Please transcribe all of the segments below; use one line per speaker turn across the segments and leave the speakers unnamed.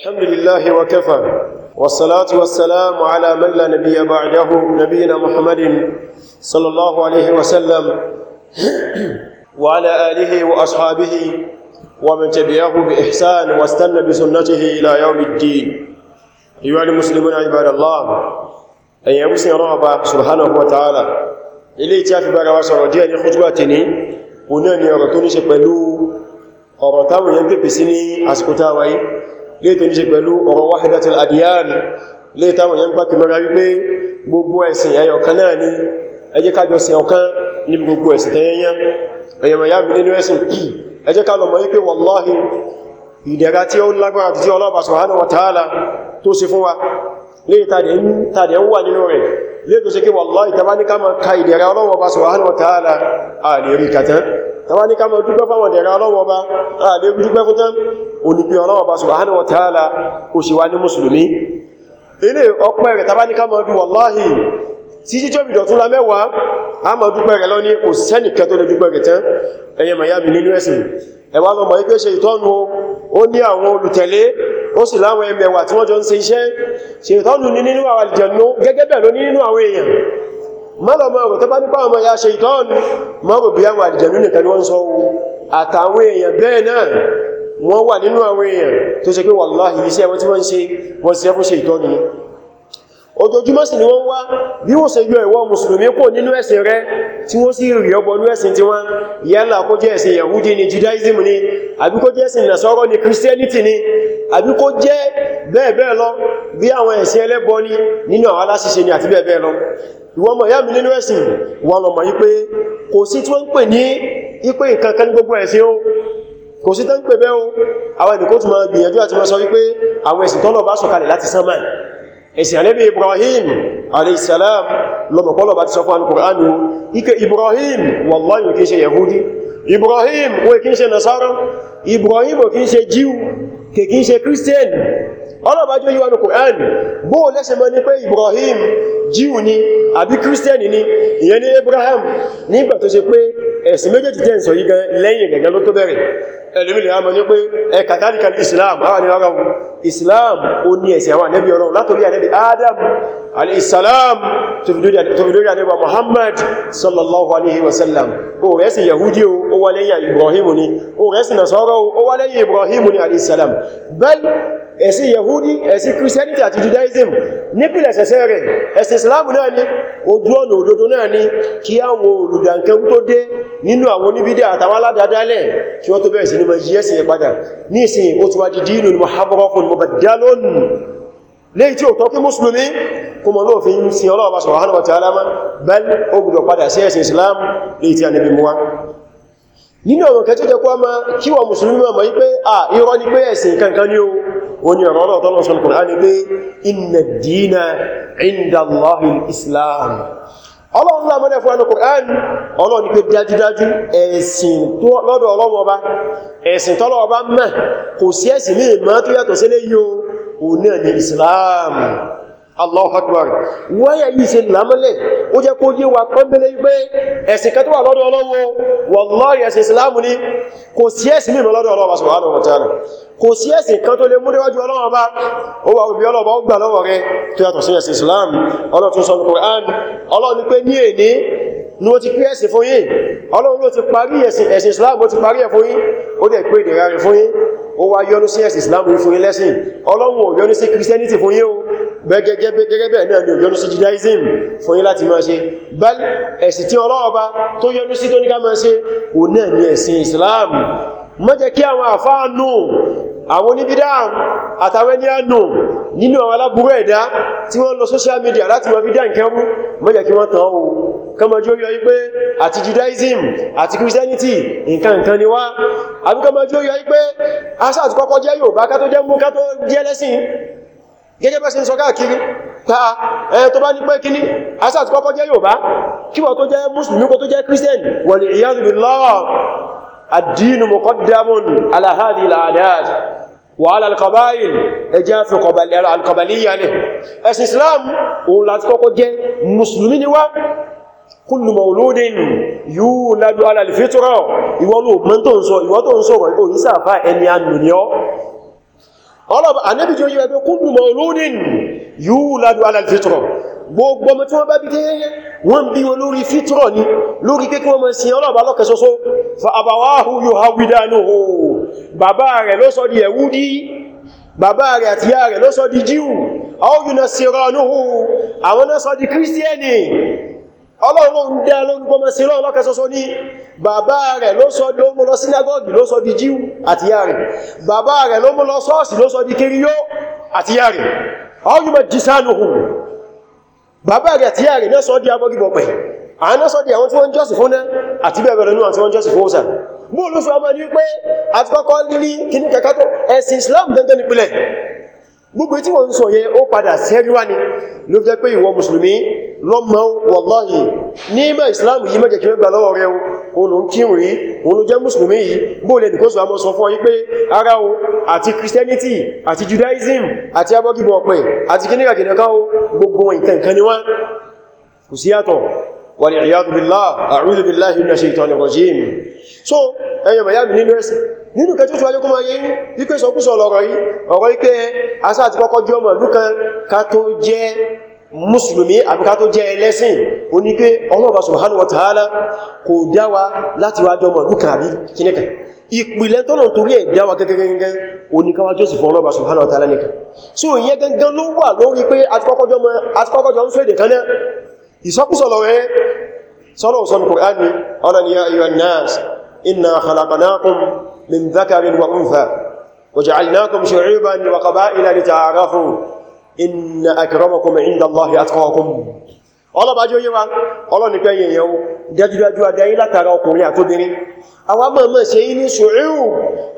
الحمد لله وكفى والصلاة والسلام على من لا نبي بعده نبينا محمد صلى الله عليه وسلم وعلى آله وأصحابه ومن تبعه بإحسان واستنى بسنته إلى يوم الدين أيها المسلمون عباد الله أن يمسي رغبا سبحانه وتعالى إليه تافي بارا وصرجيا لخطواتني ونان يرطوني شبلو ọ̀rọ̀ táwọn سني pèpè sí lè tó ní ṣe pẹ̀lú ọ̀rọ̀ wahidatul adiyan lè táwọn yẹn pàkì mọ́ra wípé gbogbo ẹ̀sìn ẹyọ kan náà ni ẹ jẹ́ ká jọ sìn ọ̀kan ní gbogbo ẹ̀sìn tẹ́yẹnyán ẹ̀yẹ̀mọ̀ yá lè tàdẹ̀ ń wà nínú rẹ̀ lè tó sí kí wallahi tàbáníká ma ka ìdẹ̀ra Ọlọ́hun Ọba subhanahu wa ta'ala a lè rí kàtán tàbáníká ma dúpẹ́ fáwọn ìdẹ̀ra Ọlọ́hun Ọba a lè dúpẹ́ fún tán onígbé Ọlọ́hun Ọba subhanahu wa ta'ala ó sì wá ní mùsùlùmí ilé ọpẹ́ rẹ̀ tàbáníká ma dú wallahi tí jíjọ́ bìdọ̀ tún la mẹ́wàá a ma dúpẹ́ rẹ̀ lọ́ní ó sì láwọn ẹmẹ̀wà tí wọ́n jọ ń ṣe iṣẹ́ ṣètọ́nù ní nínú àwọn àlìjẹ̀nú gẹ́gẹ́ bẹ̀ ló ní nínú àwọn èèyàn mọ́lọ̀mọ́rọ̀ tó bá nípa ọmọ ya ṣètọ́nù mọ́rọ̀ bí àwọn àlìjẹ̀nú nìkan wọ́n sọ àtàwọn èèyàn bẹ́ẹ̀ náà wọ́n wà nínú àwọn èèyàn tó ṣe pé wàláhì iṣẹ́ wọn tí wọ́n ń ṣe wọ́n ṣe fún ṣètọ́nù ojoojúmọ́ sì ni wọ́n wá bí wọ́n ṣe yọ ìwọ mùsùlùmí kò nínú ẹ̀sìn rẹ tí wọ́n sì rí ọbọ̀ ní ẹ̀sìn tí wọ́n yálà kó jẹ́ ẹ̀sìn yahudi ni judaism ni àbí kó jẹ́ ẹ̀sìn nasọ́rọ́ ni christianity ni àbí kó jẹ́ bẹ́ẹ̀ bẹ́ẹ̀ lọ bí àwọn ẹ̀sìn ni nínú àwọn aláṣiṣẹ́ ni àti bẹ́ẹ̀ bẹ́ẹ̀ lọ ìwọ mọ̀ yàmì nínú ẹ̀sìn wà lọ mọ̀ wípé kò sí tí wọ́n ń pè ní ipé ìkankan ní gbogbo ẹ̀sìn o kò sí tán pè bẹ́ ẹ̀sìn ànábì Ibrahim aleyhisselam lọ́mọ̀pọ̀lọ̀ bá ti sọ fún Kùránù ike Ibrahim wallahi kìí ṣe Yahudi Ibrahim o kìí ṣe Nasara Ibrahim o kìí ṣe Jíu kìí ṣe Christian ọlọ́bàjọ́ yíwa ní Kùrán bó lẹ́sẹ̀ mọ́ ní pé Ibrahim Jíu ni àbí Christian ni ìyẹn ni Abraham nígbà tó ṣe pé ẹ̀sìn méjèèjì tẹ́ ẹlòmí lè àmọ́ ní pé ẹka tàríkà islam àwọn ìrọ̀ ọ̀rọ̀ islam ó ní ẹ̀sẹ̀ àwọn ànẹ́bí ọ̀rọ̀ látorí ànẹ́bí adam alìsàlám tó fi lórí ànẹ́bí muhammad sallallahu alaihi wasallam ó rẹ̀ sí yahudi ó wà lẹ́yìn ibrahim ni ó rẹ̀ sí nasọ́rọ̀ ó wà lẹ́yìn ibrahim ni ẹ̀sìn yahudi ẹ̀sìn christianity àti judaism nípìlẹ̀sẹ̀sẹ̀ rẹ̀ ẹ̀sìn islam náà ni ojú ọ̀nà òdodo náà ni kí àwọn olùdànkẹ́rú tó dé nínú àwọn oníbídẹ́ àtàwọn aládádálẹ̀ kí wọ́n tó bẹ̀rẹ̀ sí ní mọ̀ yí ẹ̀sìn padà ní ìsìn ó ti wá di dínú muhammadun mubaddalun léyìí tí ó tọ́ kí mùsùlùmí kò mọ̀ lóòfin sí ọlọ́ọ̀bá subhanahu wa ta'ala bal ó gbọ́dọ̀ padà sí ẹ̀sìn islam léyìí tí a níbi nínú àwọn kẹtí jẹ́ kọ́ máa kí wọ mùsùlùmí ma yí pé à irọ́ ni pé ẹ̀sìn kankan ní o wọ́n ni ọ̀rọ̀ ọ̀tọ́ lọ́sọ̀ Kùránì pé inna dina inda Allahil Islam ọlọ́run lámọ́ ní ẹ̀fún Kùránì ọlọ́run ni pé dájúdájú ẹ̀sìn lọ́dọ̀ ọlọ́run ọba ẹ̀sìn tọ́lọ́ Allahu Akbar wáyà yìí ṣe lámọ́lẹ̀ ó jẹ́ kó yé wa pọ́nbẹ̀lẹ̀ pé ẹ̀sìn kan tó wà lọ́dọ̀ Ọlọ́run wallahi ẹ̀sìn Islam ni kò sí ẹ̀sìn mìíràn lọ́dọ̀ Ọlọ́run subhanahu wa ta'ala kò sí ẹ̀sìn kan tó lè mú déwájú Ọlọ́run bá ó wà òbí Ọlọ́run bá ó gbà lọ́wọ́ rẹ tó yàtọ̀ sí ẹ̀sìn Islam Ọlọ́run tún sọ ní Qur'an Ọlọ́run ni pé ní èní ó ti pé ẹ̀sìn fún yín Ọlọ́run ló ti parí ẹ̀sìn Islam ó ti parí ẹ̀ fún yín ó dẹ̀ pé ìdẹ̀ra rẹ̀ fún yín ó wá yọ́nú sí ẹ̀sìn Islam fún yín lẹ́sìn Ọlọ́run ò yọ́nú sí Christianity fún yín o gẹ́gẹ́ bẹ́ẹ̀ náà ni ò yọnú sí judaism fún yí láti máa ṣe bẹ́l ẹ̀sìn tí ọlọ́ọba tó yọnú sí tó ní ká máa ṣe ò náà ni ẹ̀sìn islam má jẹ́ kí àwọn àfáà nù àwọn oníbídá àtàwọn ẹni ànù nínú àwọn aláburú ẹ̀dá tí wọ́n lọ social media láti wọ́n fi dá nkẹrú má jẹ́ kí wọ́n tàn ó kọmọjú yọ wípé àti judaism àti christianity nǹkan nǹkan ni wá àbíkọmọjú yọ wípé aṣáàtù kọ́kọ́ jẹ́ Yorùbá ká tó jẹ́ mú ká tó jẹ́ lẹ́sìn gẹ́gẹ́ bẹ́ sí ń sọ káàkiri pa ah, ẹ tó bá ní pé kíní asà ti kọ́kọ́ jẹ́ Yorùbá kí wọ́n tó jẹ́ mùsùlùmí kó tó jẹ́ Christian wal iyadhu billah ad-dinu muqaddamun ala hadhihi al-adat wa ala al-qaba'il ẹjẹ́ fi al-qabaliyya ni ẹ̀sìn Islam òun ọlọ́bà anẹ́bí jẹ́ yíwa pé kullu mawludin yuladu ala al-fitra gbogbo ọmọ tí wọ́n bá bí kẹ́yẹ́ wọ́n bí wọn lórí fitra ni lórí pé kí wọ́n mọ̀ sí bàbá rẹ̀ ló sọ di Yahudi bàbá rẹ̀ àti ìyá rẹ̀ ló sọ di Jíù aw yunasiranuhu àwọn náà sọ di kírísítíẹ́nì ọlọ́run ló ń dá ló ń gbọmọ sí lọ́wọ́ lọ́kẹ́ sọ́sọ́ ní bàbá rẹ̀ ló sọ ló mú lọ sínágọ́gì ló sọ di jíù àti yà rẹ̀ bàbá rẹ̀ ló mú lọ sọ́ọ̀sì ló sọ di kiriyó àti yà rẹ̀ ọ̀yùmọ̀ jìsánù hù bàbá rẹ̀ àti yà rẹ̀ náà sọ di abọ́gibọ̀pẹ̀ àwọn sọ di àwọn tí wọ́n jọ́sìn fún náà àti bẹ́ẹ̀ bẹ̀rẹ̀ nínú gbogbo tí wọ́n ń sọ yẹ ó padà sẹ́ríwá ni ló jẹ́ pé ìwọ mùsùlùmí lọ́mọ wàláhì ní ìmọ̀ ìsìláàmù yìí mẹ́jẹ̀ kí ó gbà lọ́wọ́ rẹ̀ olùn kírùn yìí òun ló jẹ́ mùsùlùmí yìí bóòlẹ̀ nìkóso àmọ́ sọ fún christianity àti judaism àti abọ́gibọ̀ ọ̀pẹ̀ àti kíníkàkìnàká o gbogbo nǹkan kan ni wọ́n kò sí yàtọ̀ so ẹyọ bayani nínú kẹtí oṣù ayékún ayé wípé sọkúsọ lọ́rọ̀ yìí ọ̀rọ̀ wípé asá àti kọ́kọ́ jẹ́ ọmọ lúkan ká tó jẹ́ mùsùlùmí àbí ká tó jẹ́ ẹlẹ́sìn ó ní pé ọlọ́ọ̀bá subhanahu wa ta'ala kò dáwa láti wájọ ọmọ lúkan àbí kíníkà ìpìlẹ̀ tọ́nà torí ẹ̀ dáwa gẹ́gẹ́gẹ́gẹ́ oníkáwà jọ́sì fún ọlọ́ọ̀bá subhanahu wa ta'ala nìkan so ìyẹn gangan إنا خلقناكم من ذكر وأنثى وجعلناكم شعوبا وقبائل لتعارفوا إن أكرمكم عند الله أتقاكم ọlọ́ bá jẹ́ oyé wa ọlọ́ nìkan yẹ̀yẹ̀ o dájúdájú adáyí látara ọkùnrin àtóbìnrin àwọn mọ̀mọ̀ ṣe yí ní ṣòríhù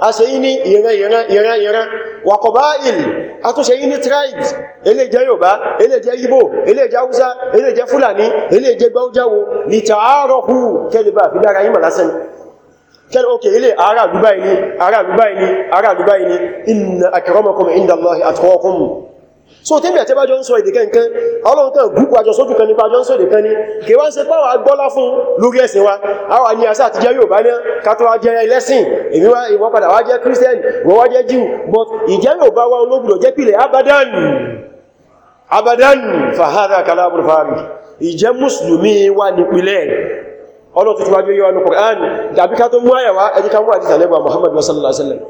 a ṣe yí ní ìran-ìran-ìran wàkọ̀báìl a tún ṣe yí ní tribes eléjẹ́ Yorùbá eléjẹ́ Ìgbò eléjẹ́ Haúsá eléjẹ́ Fúlàní kẹ́lẹ̀ òkè ilé ará Dubai ni ará Dubai ni ará Dubai ni inna akramakum inda Allahi atqakum so tí bẹ̀ẹ̀ tí bá jọ ń sọ èdè kẹ́ǹkan ọlọ́nkàn gúúpù àjọ sójú kan nípa àjọ ń sọ èdè kan ní kí wá ń ṣe pàwà gbọ́lá fún lórí ẹ̀sìn wa àwa ní àṣà àti jẹ́ Yorùbá ní kátó wá jẹ́ ẹlẹ́sìn èmi wá ìwọ padà wá jẹ́ Christian wọ́n wá jẹ́ ọlọ́ tó ti wájú yíwa ní Qur'an dàbí ká tó mú àyàwá ẹjí ká mú àdíta lẹ́gbà Muhammadu sallallahu alaihi wasallam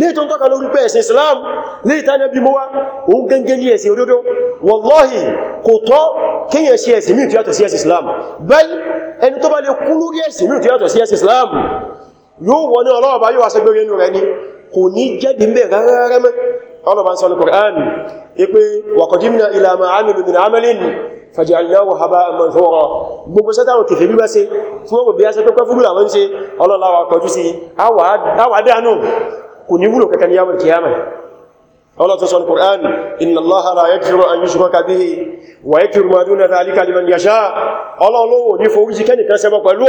lè tó ń tọ́ka lórí pé ẹ̀sìn Islam lè tánà bí mọ́wá òun gẹ́gẹ́ ní ẹ̀sìn òdodo wallahi kò tọ́ kíyàn sí ẹ̀sìn mìí tíyàtọ̀ sí ẹ̀sìn Islam bẹ́ẹ̀ ẹni tó bá lè kú lórí ẹ̀sìn mìí tíyàtọ̀ sí ọlọ́bà ń sọ ní Kùránì ipé wàkọ̀dímnà ìlàmà àmìlù min amalin fàjìyàwó haba manthura gbogbo sátàwọn kèfè bí bá ṣe fún ọmọ bí a ṣe pẹ́pẹ́ fúrú àwọn ṣe ọlọ́láwà kọjú sí àwàdánù kò ní wúlò kankan yawon kìyàmà Allah tó sọ ní Kùránì inna Allaha la yaghfiru an yushraka bihi wa yaghfiru ma duna dhalika liman yasha ọlọ́lọ́wọ́ ní foríjì kẹ́nìkan ṣẹbọ pẹ̀lú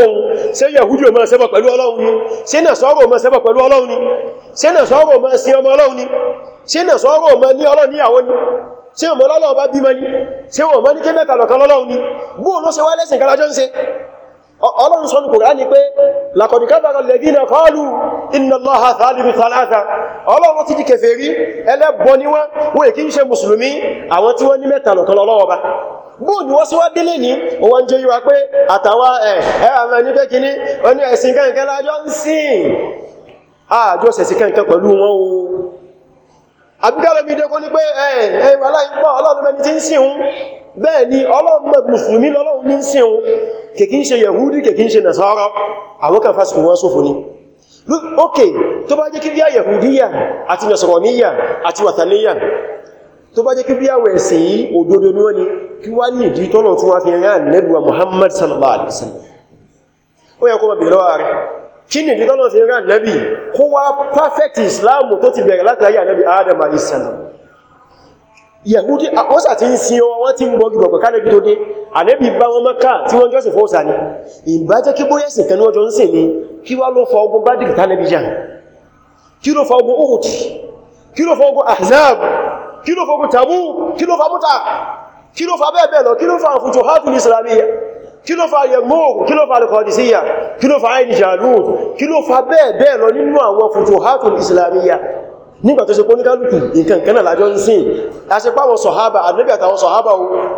Ọlọ́run ni ṣe nà sọ́rọ̀ ọmọ ní ọlọ́ níyàwó ni ṣe ọmọ lọ́lọ́ ọba bí mani ṣe wọ́n mọ́ ní kí mẹ́ta lọ̀kan lọ́lọ́un ni bú ló ṣe wá lẹ́sìn kálájọ́ ń ṣe ọlọ́run sọ ní kò rání pé lakọ̀dùkábàrọ̀ lẹ́dínà kọlù inna Allaha thalithu thalatha ọlọ́run ti di kèfèrí ẹlẹ́bọ ni wọ́n wọ́n èkí ń ṣe mùsùlùmí àwọn tí wọ́n ní mẹ́ta lọ̀kan lọ́lọ́wọ́ wọ́n sí wá délé ní wọ́n jẹ́ yíwa pé àtàwà ẹ̀ ẹ̀rọ ní pé oní ẹ̀sìn kẹ́kẹ́ lájọ́ ń sìn àjọsẹ̀sìn kẹ́kẹ́ pẹ̀lú wọn o àbíkálòmí dé kó ní pé ẹ̀yìn aláìpọ̀ ọlọ́run mẹ́ni tí ń sìn un bẹ́ẹ̀ ni ọlọ́run mùsùlùmí lọ́lọ́run ní ń sìn un kèkí ń ṣe yẹ̀húdí kèkí ń ṣe nàṣàrà àwọn kan fásikò wọn sófò ní ok tó bá jẹ́ kí bí yẹ̀húdíyà àti nàṣàrọ̀níyà àti wàtàníyà tó bá jẹ́ kí bí àwẹ̀ ẹ̀sìn yìí òdodo ní kí ni ìdíkọ́nà sí ìran nẹ́bí kó wá perfect islam tó ti bẹ̀rẹ̀ látàrí ànẹ́bí adam alisalam yahudi àkọ́sà ti ń sin ọwọ́ wọ́n ti ń gbọ́gbọ̀ pẹ̀lú kánẹ́bí tó dé ànẹ́bí bá wọn mọ́ká tí wọ́n jọ́sìn fọ́ọ̀sà ni ìbájẹ́ kí bóyẹ̀sìn kan wọ́n jọ ń sìn ní kí ahzab kí ló tabu kí ló fa múta kí ló fa bẹ́ẹ̀ bẹ́ẹ̀ lọ kí ló kí ló fa yẹmọ́ kí ló fa alkọ̀dìsíyà kí ló fa aini jalud kí ló fa bẹ́ẹ̀ bẹ́ẹ̀ lọ nínú àwọn futuhatul islamiyya nígbà tó ṣe pọ́ ní kálùkù nǹkan kanáà lájọ́ ń sìn aṣepá àwọn sọ̀hábà àdínlẹ́bí àtàwọn sọ̀hábà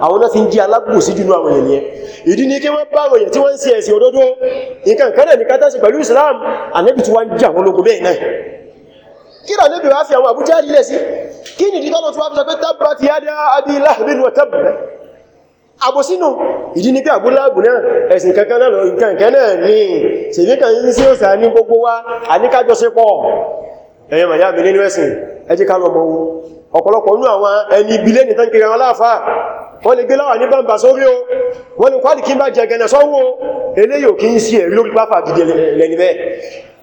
àwọn náà fi ń jí alágbò sí jùnú àwọn ènìyàn ìdí ní kí wọ́n bá àwọn èèyàn tí wọ́n ń ṣe ẹ̀sìn òdodo nǹkan kanáà ní kátà pẹ̀lú Islam àdínlẹ́bí tí wọ́n jí àwọn ológun bẹ́ẹ̀ náà kí lọ níbi wá fi àwọn àbújá lílẹ̀ sí kí nìdí tọ́lọ̀ tí wọ́n fi sọ pé tábà ti yá dá abí láàbínú ọ̀tẹ́bẹ̀ẹ́ àbòsínú ìdí ní pé àbúláàbù náà ẹ̀sìn kankan náà lọ nǹkan kan náà ní ṣèbí kan yí sí òsà ní gbogbo wa àníkájọṣepọ̀ ẹ̀yẹ màá yàmì nínú ẹ̀sìn ẹjí ká lọ mọ́wó ọ̀pọ̀lọpọ̀ nú àwọn ẹni ibilé ní tánkiri àwọn láàfáà wọ́n lè gbé láwà ní bàmbà sórí o wọ́n lè kwádìí kí n bá jẹ gẹ̀nà sọ́wọ́ eléyò kí ń sí ẹ̀rí lórí pápá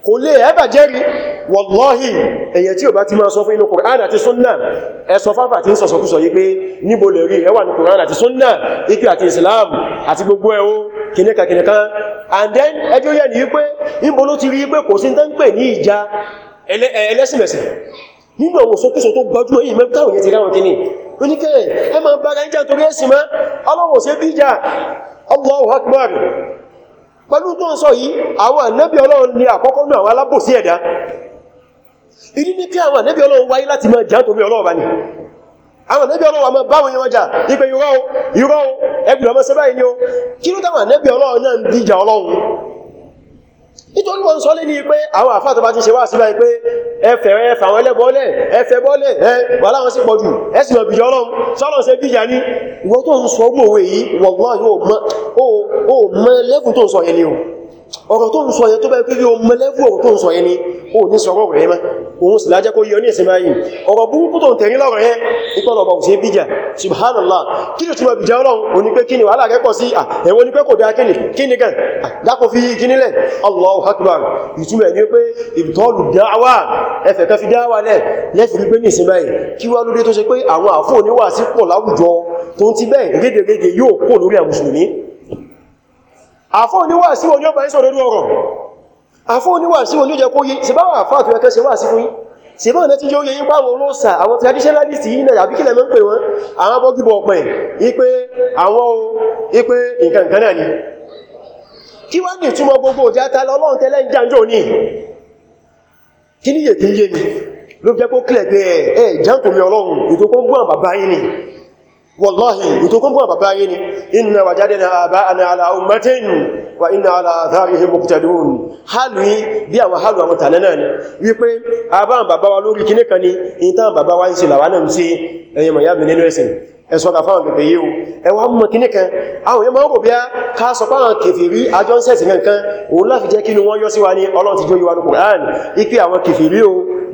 kò lè ẹ́bà jẹ́rí wallahi èyẹ tí ò bá ti máa sọ fún inú Kùránì àti súnnà ẹsọ fáfà tí ń sọ̀sọ̀kúsọ̀ yí pé níbo lè rí ẹwà ní Kùránì àti súnnà ikú àti Islam àti gbogbo ẹ̀wọ́ and then ẹjọ́ yẹ́ ni wípé níbo ló ti rí pé kò sí tán pè ní ìjà ẹlẹ́sìnmẹ̀sìn nínú àwọn sókúsọ tó gbajúmọ̀ yìí mẹ́bítáwọn yẹ ti ráwọn kìíní oníkẹ́ ẹ máa bára ń torí ẹ̀sìn mọ́ ọlọ́wọ̀ sí bí jà Allahu Akbar pẹ̀lú tó ń sọ yìí àwọn ànábì ọlọ́run ni àkọ́kọ́ ní àwọn alábòsí ẹ̀dá ìdí ní kí àwọn ànábì ọlọ́run wáyé láti máa jà torí ọlọ́run bá ní àwọn ànábì ọlọ́run àmọ́ báwọn yẹn wọ́n jà ipé irọ́ ẹgbìlọ́mọ́sẹ́báyìí ni ó kí ló táwọn ànábì ọlọ́run náà ń nítorí wọ́n sọ lé ní pé àwọn àfáà tó bá ti ṣe wá síbá pé ẹfẹ̀rẹ̀ ẹfẹ̀ àwọn ẹlẹ́bọ́lẹ̀ ẹfẹ̀ bọ́lẹ̀ ẹ wà láwọn sí pọ̀jù ẹsìnà bìí ọlọ́run sọ́lọ́ sí bíjà ní ìwọ́n tó ń sọ mọ̀wé yìí wọ̀gbọ́n yóò mọ́ lẹ́kùn tó ń sọ yẹn ni o ọ̀rọ̀ tó ń sọ yẹn tó bá pírí ọmọ lẹ́fù ọ̀rọ̀ tó ń sọ yẹn ni ó ní sọ ọ̀rọ̀ rẹ̀ mẹ́ òun sì lájẹ́ kó yọ ní ìsinmi ayé ọ̀rọ̀ burúkú tó ń tẹ̀rí lọ́rọ̀ yẹn ìpọ̀lọ̀ ọ̀bọ̀ òsì bíjà subhanallah kí ni túnmọ̀ bìjà ọlọ́run ó ní pé kí ni wàhálà rẹ̀ pọ̀ sí ẹ̀wọ́n ní pé kò dá kíni kíni gan dákò fi kíni àfọ́ oníwà sí wọn ni ó bá ń sọ lórí ọ̀rọ̀ àfọ́ oníwà sí wọn ni ó jẹ kó yí sí báwọn àfá àti ẹkẹ́ sí wà sí fún yí sí báwọn lẹ́tí yóò yẹ yí pàwọn olóòsà àwọn traditionalist yìí náà àbí kílẹ̀ mẹ́pẹ̀ wọn àwọn bọ́gíbọ̀ ọ̀pẹ̀ ipé àwọn ipé nǹkan nǹkan náà ni kí wá ní túnmọ̀ gbogbo òjáta lọ́lọ́run tẹ́lẹ̀ ń jàǹjò ní kí ní yè kí yé ni ló jẹ́ kó kílẹ̀ pé ẹ̀ jàǹkùnmí ọlọ́run ìtòkó ń bú àwọn bàbá yìí ni wallahi ìtòkún bọ̀ bàbá yìí ni inna wajadna aba'ana ala ummatin wa inna ala atharihim muqtadun hálù yí bí àwọn hálù àwọn tàlẹ́ náà ni wípé àbáwọn bàbá wa lórí kíní kan ni ìtàn bàbá wa ń ṣe làwà náà sí ẹ̀yẹ mọ̀yábì nínú ẹ̀sìn ẹ̀sọ́ ka fáwọn pẹ̀pẹ̀ yíò ẹwà mọ̀ kíní kan àwọn èèyàn mọ́ bí a ká sọ fáwọn kèfèrí àjọ ń sẹ̀sì kankan òun láti jẹ́ kínú wọ́n yọ́ sí wa ní Ọlọ́run ti jó yíwa ní Kùránì ipi àwọn kèfèrí o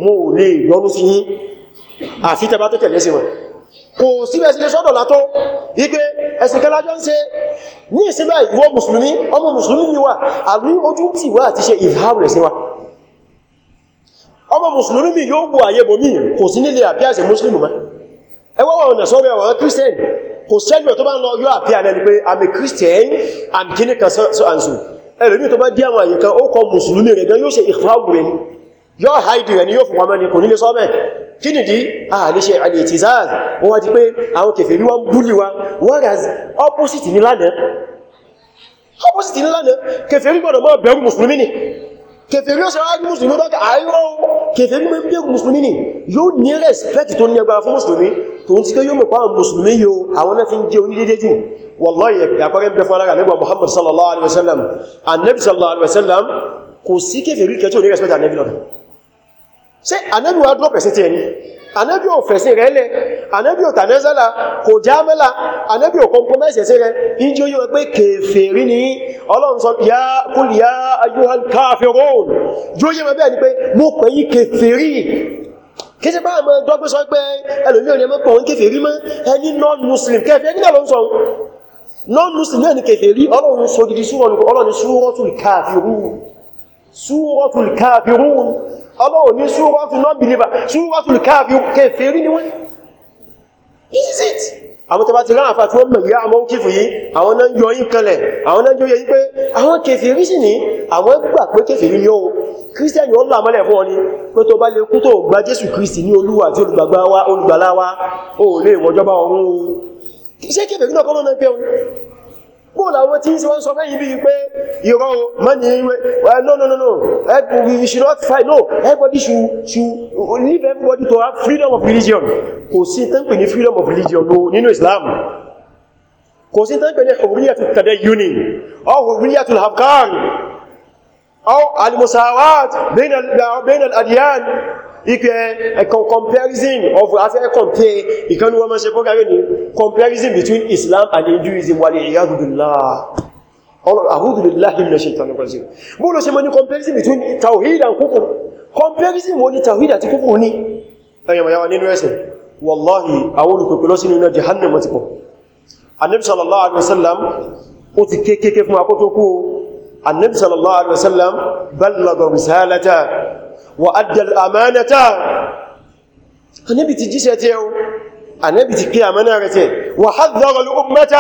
mo lè yọ́nú sí yí àfítẹ́bá tó tẹ̀lé sí wọn kò síbẹ̀ sílé sọ́dọ̀ látọ́ ipé ẹ̀sìn kẹlájọ́ ń ṣe ní ìsinmi ìwọ mùsùlùmí ọmọ mùsùlùmí ni wà àbí ojú tí wà ti ṣe ìhàrẹ̀ sí wa ọmọ mùsùlùmí mi yóò wo àyè bòmí kò sí nílé àbí àṣẹ mùsùlùmí mọ́ ẹwọ́ wọn ọ̀nà sọ́rọ̀ àwọn kírísítẹ́nì kò sẹ́gbẹ̀ tó bá ń lọ yóò àbí àlẹ́ ni pé àmì kírísítẹ́nì àmì kíníkan sọ́ànsù ẹlòmí tó bá dí àwọn àyè kan ó kọ mùsùlùmí rẹ̀ gan yóò ṣe ìhàrẹ̀ yóò haidi rẹ̀ ni yóò fún wọn mẹ́ni kò nílé sọ́bẹ̀ kí nìdí ààlẹ́ṣẹ́ alìtizaz wọ́n wá ti pé àwọn kèfèrí wọ́n búlì wa whereas opposite ní lánàá opposite ní lánàá kèfèrí gbọ́dọ̀ mọ́ bẹ̀rù mùsùlùmí ni kèfèrí ó sẹ́wàá ní mùsùlùmí lọ́kà àìrọ̀ kèfèrí mọ́ bẹ̀rù mùsùlùmí ni yóò ní respect tó ní agbára fún mùsùlùmí tó ń ti kẹ́ yóò mọ̀ pàwọn mùsùlùmí yóò àwọn náà fi ń jẹ onídédé jù wallahi àpẹẹrẹ ń bẹ fún alára nígbà muhammad sallallahu alaihi wasallam annabi sallallahu alaihi wasallam kò sí kèfèrí kẹtí ò ní respect annabi lọ́dọ̀ ṣe anábí wa drop ẹ̀sẹ̀ tí ẹni anábí ò fẹ̀sẹ̀ rẹ̀ lẹ̀ anábí ò tànẹ́sẹ́lá kò já mẹ́lá anábí ò compromise ẹ̀sẹ̀ rẹ̀ injú yíwa pé kèfèrí ní ọlọ́run sọ ya kúlìyà ayyuhal kafirun jú yíwa bẹ́ẹ̀ ni pé mo pè yí kèfèrí kéṣe bá àmọ́ dọ́gbé sọ pé ẹlòmí ò ní ẹmọ́ kọ̀ọ̀n kèfèrí mọ́ ẹni non-muslim kẹfẹ́ nílẹ̀ ló ń kèfèrí ọlọ́run sọ gidi ọlọ́run súrọ̀ tún ọlọ́wọ̀ ní ṣúrọ́tù non believer ṣúrọ́tù kèfèrí ni wọ́n is it àwọn tẹba ti ráàfà tí wọ́n mẹ̀ yá àwọn òkèfè yìí àwọn náà yọ yín kanlẹ̀ àwọn náà yọ yìí pé àwọn kèfèrí sì ní àwọn gbà pé kèfèrí ní ohun kírísítẹ̀nì wọ́n làmọ́lẹ̀ fún ọ ni pé tó bá lè kú tó gba jésù kristi ní olúwa àti olùgbàláwá o lè wọjọba ọ̀run pò láwọn tí wọ́n sọ fẹ́yìn bí pé ìrọ̀ mọ́ni ìwé no no no no you should not fight no everybody should, should leave everybody to have freedom of religion kò sí tán pè ní freedom of religion nínú Islam kò sí tán pè ní hurriyatul tadayyun aw hurriyatul afkar aw al-musawat bayna al-adyan ipe a eh, comparison of as a compare ìkanu wọn ma ṣe program ni comparison between Islam and Hinduism wal iyadu billah a'udhu billahi minash shaitanir rajim bó ló ṣe mọ́ ní comparison between tawhid and kufur comparison wọ́n ní tawhid àti kufur ní ẹ̀yàn mayawa nínú ẹ̀sìn wallahi àwọn olùpẹ̀pẹ̀ lọ sínú iná jahannam ti pọ̀ sallallahu alaihi wasallam ó ti kékeré النبي صلى الله عليه وسلم بلغ رسالته وأدى الأمانة النبي تجيسته النبي تكي أمانته وحذر الأمة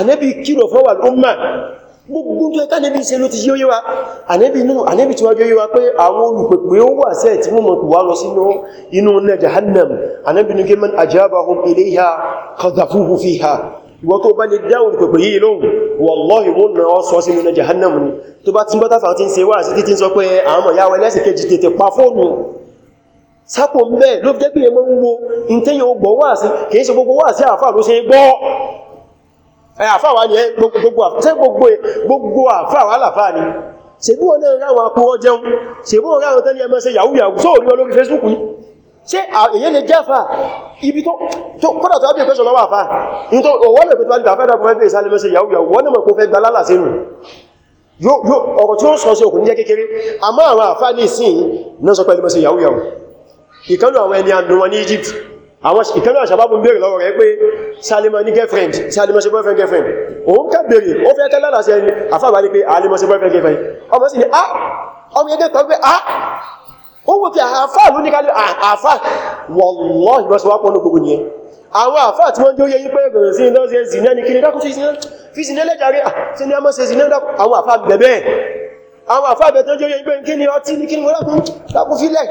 النبي كيلو فوى الأمة gbogbo tó ẹ̀ká nẹ́bí ṣe ló ti yíó yíwá ànẹ́bí tí wá jọ yíwá pé àwọn olùpẹ̀pẹ̀ ó wà sẹ́ẹ̀ tí mọ́mọ̀ wá lọ sínú inú náà jahannam ànẹ́bí ní gẹ́mọ́n ajabahum ilayha qadhafuhu fiha ìwọ tó bá lè dáhùn pẹ̀pẹ̀ yìí lóhùn wallahi wọ́n na ọ sọ sínú jahannamu ni tó bá ti ń bọ́ta fàtí ń ṣe wà sí títí sọ pé àmọ̀ yàwó ẹlẹ́sì kejì tètè pa fóònù sápò ń ló jẹ́ pé ẹmọ́ ń in tẹ́ yóò gbọ́ wà sí kìí ṣe gbogbo wà sí àfà ló ṣe gbọ́ àfà wà ní gbogbo àfà wà láfà ni ṣe bí wọ́n náà ráwọn akọwọ́ jẹun ṣe bí wọ́n ráwọn tẹ́lẹ̀ ẹmọ́ ṣe yahoo yahoo sóòrí olórí Facebook ṣe èyẹ lè jáfà ibi tó kọ́nà tó ábíyàn pẹ́ṣọ̀ lọ́wọ́ àfá ní tó wọ́n lè pẹ̀tọ́ àdìgbà fẹ́dà fún ẹgbẹ̀ ìsálẹ́mẹ́sẹ̀ yàwó yàwó wọ́n mọ̀ kó fẹ́ gba lálà sínú ọ̀rọ̀ tí ó sọ sí òkùn jẹ́ kékeré a máa àwọn àfá ní ìsìn náà sọ pẹ̀lú mẹ́sẹ̀ yàwó yàwó ìkánú àwọn ẹni àdùn wọn ní Egypt àwọn ìkánú àṣàbábùn béèrè lọ́wọ́ rẹ̀ pé Salima ní girlfriend Salima ṣe boyfriend girlfriend òun ká béèrè ó fẹ́ tẹ́lá láti ẹni àfáàbà ní pé Alima ṣe boyfriend girlfriend ọmọ sí ni ah ọmọ ẹgbẹ́ pẹ̀lú pé ah ó wò pé àfáà ló ní ká lè ah, àfáà wọ̀lọ́ ìbọ̀sọ̀wọ́pọ̀ ní gbogbo nìyẹn àwọn àfáà tí wọ́n jẹ́ oyé yí pé ẹgbẹ̀rẹ̀ sí iná sí ẹ̀sìn náà ní kíni dákùn sí ìsinà lẹ́jàrí ah, sí ní ọmọ sí ìsinà dákùn àwọn àfáà bẹ̀bẹ̀ àwọn àfáà bẹ̀ tó jẹ́ oyé yí pé kíni ọtí ní kíni dákùn fílẹ̀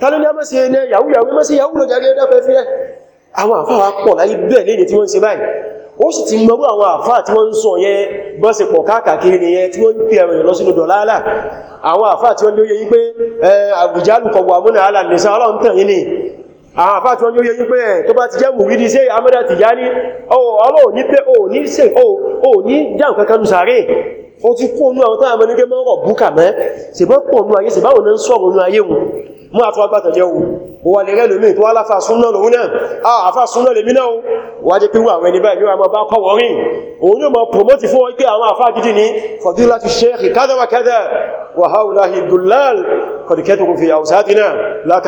tánú ní ọmọ sí ẹ̀yàwó yàwó mọ́ sí yàwó lọ jàrí dákùn fílẹ̀ àwọn àfáà wá pọ̀ láyé bẹ́ẹ̀ lẹ́ni tí wọ́n ń ó sì ti mọ̀rú àwọn àfá tí wọ́n ń sọ yẹn bọ́sì pọ̀ káàkiri nìyẹn tí wọ́n ń pè ẹ̀rọ lọ sínú dọ̀láàlá àwọn àfá tí wọ́n lóye yí pé àbùjá lùkọ̀wọ̀ àmúnà àlà nìsá ọlọ́run tàn yìí ni àwọn àfá tí wọ́n lóye yí pé tó bá ti jẹ́ mùrídí sí amẹ́dà Tìjání ọlọ́run ní pé ò ní sè ò ní dáhùn kankan nù sàárè ó ti kó nú àwọn táwọn ọmọ nígbẹ́ mọ́rọ̀ búkà mẹ́ mú àtúwàgbàtà jẹ́ ohun o wà lè rẹ́ lómi tó wá láfà súnmọ́ lòun náà a àfà súnmọ́ lèmi náà wà jẹ́ pé wà àwọn ẹni báyìí yóò máa bá kọwọ́ rìn òun yóò máa promote fún wípé àwọn àfà gidi ní fadilatu sheikh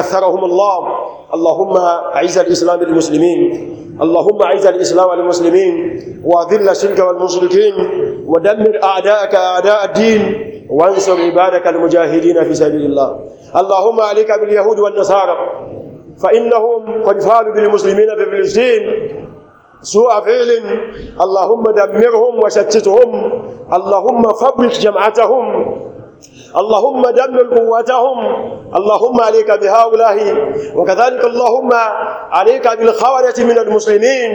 kada اللهم اعز الاسلام والمسلمين واذل الشرك والمشركين ودمر اعداءك اعداء الدين وانصر عبادك المجاهدين في سبيل الله اللهم عليك باليهود والنصارى فإنهم قد فعلوا بالمسلمين في فلسطين سوء فعل اللهم دمرهم وشتتهم اللهم فبرك جمعتهم اللهم دمر قوتهم اللهم عليك بهؤلاء وكذلك اللهم عليك بالخوارة من المسلمين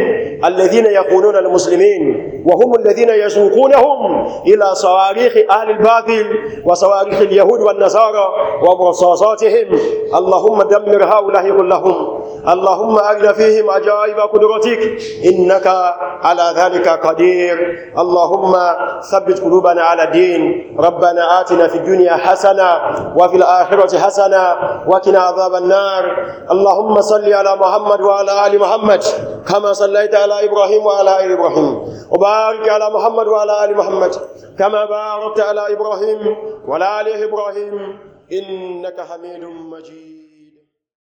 الذين يقولون المسلمين وهم الذين يسوقونهم إلى صواريخ أهل الباطل وصواريخ اليهود والنصارى ومرصاصاتهم اللهم دمر هؤلاء كلهم اللهم أجل فيهم عجائب قدرتك إنك على ذلك قدير اللهم ثبت قلوبنا على الدين ربنا آتنا في الدنيا حسنة وفي الآخرة حسنة وكنا عذاب النار اللهم صل على محمد وعلى آل محمد كما صليت على إبراهيم وعلى آل إبراهيم وبارك على محمد وعلى آل محمد كما باركت على إبراهيم وعلى آل إبراهيم إنك حميد مجيد